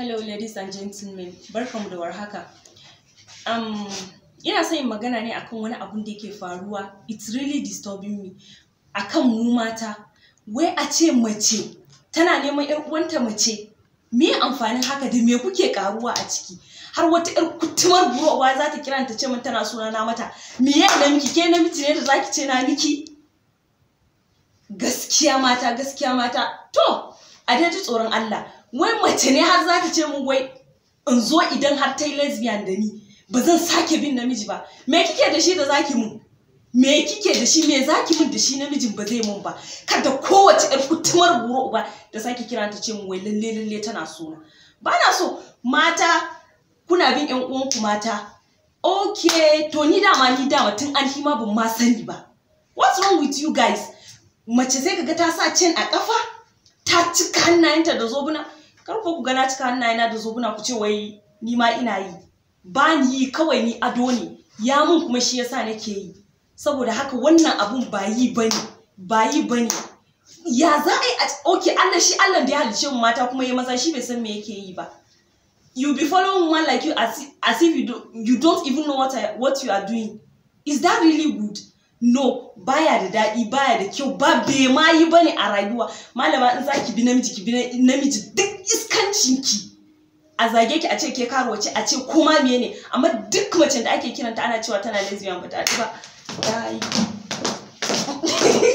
Hello ladies and gentlemen, barkanmu da warhaka. Um, ina son yin magana ne akan wani abun da yake faruwa, it's really disturbing me. Akan mu mata, wai a ce mace tana neman ‘yar uwanta mace, me amfanin haka da me kuke karuwa a ciki? Har wata ƴar kutumar burowa za ta kira ta ce min tana suna na mata, me ya na miki ke namiji ne da zaki ce na miki? Gaskiya mata, gaskiya mata, to a dai ji tsoron Allah wai mace ne har za ta ce mun wai in zo idan har ta yi lesbian da ni ba zan sake bin namiji ba me kike da shi da zaki mun me kike da shi me zaki mun da shi namijin ba zai mun ba kada kowace yar kutumar buru uba da sake kira ta ce mun wai lalle lalle tana so na ba na so mata kuna bin yan uwanku mata okay to ni dama ni dama tun alhima ban ma sani ba what's wrong with you guys mace sai kaga ta sa cin a kafa cika hannayenta da zobuna kar ku gana na cika hannayena da zobuna ku ce wai ni ma ina yi ba ni yi kawai ni ado ne ya mun kuma shi yasa nake yi saboda haka wannan abun ba yi bane ba yi bane ya za a yi a okay Allah shi Allah da ya halice mu mata kuma ya maza shi bai san me yake yi ba you be following one like you as, if you, don't even know what, I, what you are doing is that really good no baya da daɗi baya da kyau ba bai ma yi ne a rayuwa malama in za ki bi namiji ki bi namiji duk iskancinki a zage ki a ce ke karuwace a ce kuma ne amma duk macen da ake kiranta ana cewa tana lesbian ba ta ba